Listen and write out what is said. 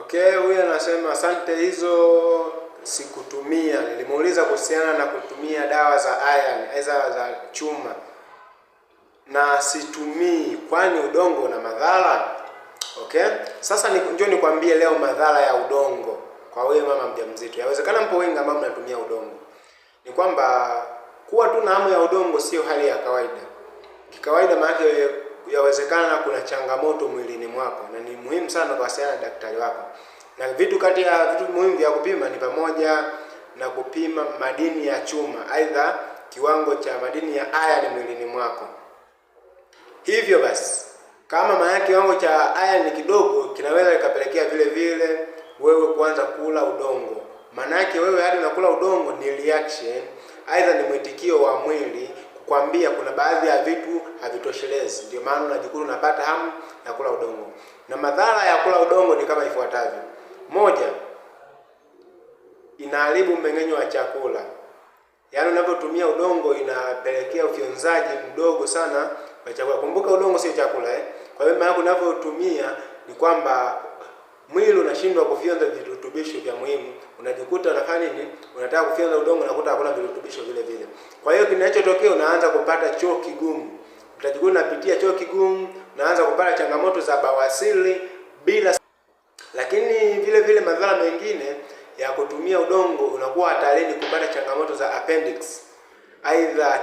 Okay, huyu anasema asante, hizo sikutumia. Nilimuuliza kuhusiana na kutumia dawa za iron aidha za chuma, na situmii, kwani udongo una madhara? Okay, sasa njoo nikwambie leo madhara ya udongo kwa wewe mama mjamzito. Yawezekana mpo wengi ambao mnatumia udongo, ni kwamba kuwa tu na hamu ya udongo sio hali ya kawaida. Kikawaida maana yawezekana kuna changamoto mwilini mwako, na ni muhimu sana kuwasiliana na daktari wako. Na vitu kati ya vitu muhimu vya kupima ni pamoja na kupima madini ya chuma, aidha kiwango cha madini ya iron mwilini mwako. Hivyo basi, kama maana kiwango cha iron ni kidogo kinaweza ikapelekea vile vile wewe kuanza kula udongo. Maana yake wewe hadi unakula udongo ni reaction, aidha ni mwitikio wa mwili kukwambia kuna baadhi ya vitu maana unajikuta unapata hamu ya kula udongo. Na madhara ya kula udongo ni kama ifuatavyo: moja, inaharibu mmeng'enyo wa chakula, yaani unavyotumia udongo inapelekea ufyonzaji mdogo sana wa chakula. Kumbuka udongo sio chakula eh? Kwa hiyo maana unavyotumia ni kwamba mwili unashindwa kufyonza virutubisho vya muhimu, unajikuta unafanya nini? Unataka kufyonza udongo, unakuta hakuna virutubisho vile vile. Kwa hiyo kinachotokea, unaanza kupata choo kigumu utajikuta unapitia choo kigumu, unaanza kupata changamoto za bawasili bila. Lakini vile vile madhara mengine ya kutumia udongo, unakuwa hatarini kupata changamoto za appendix aidha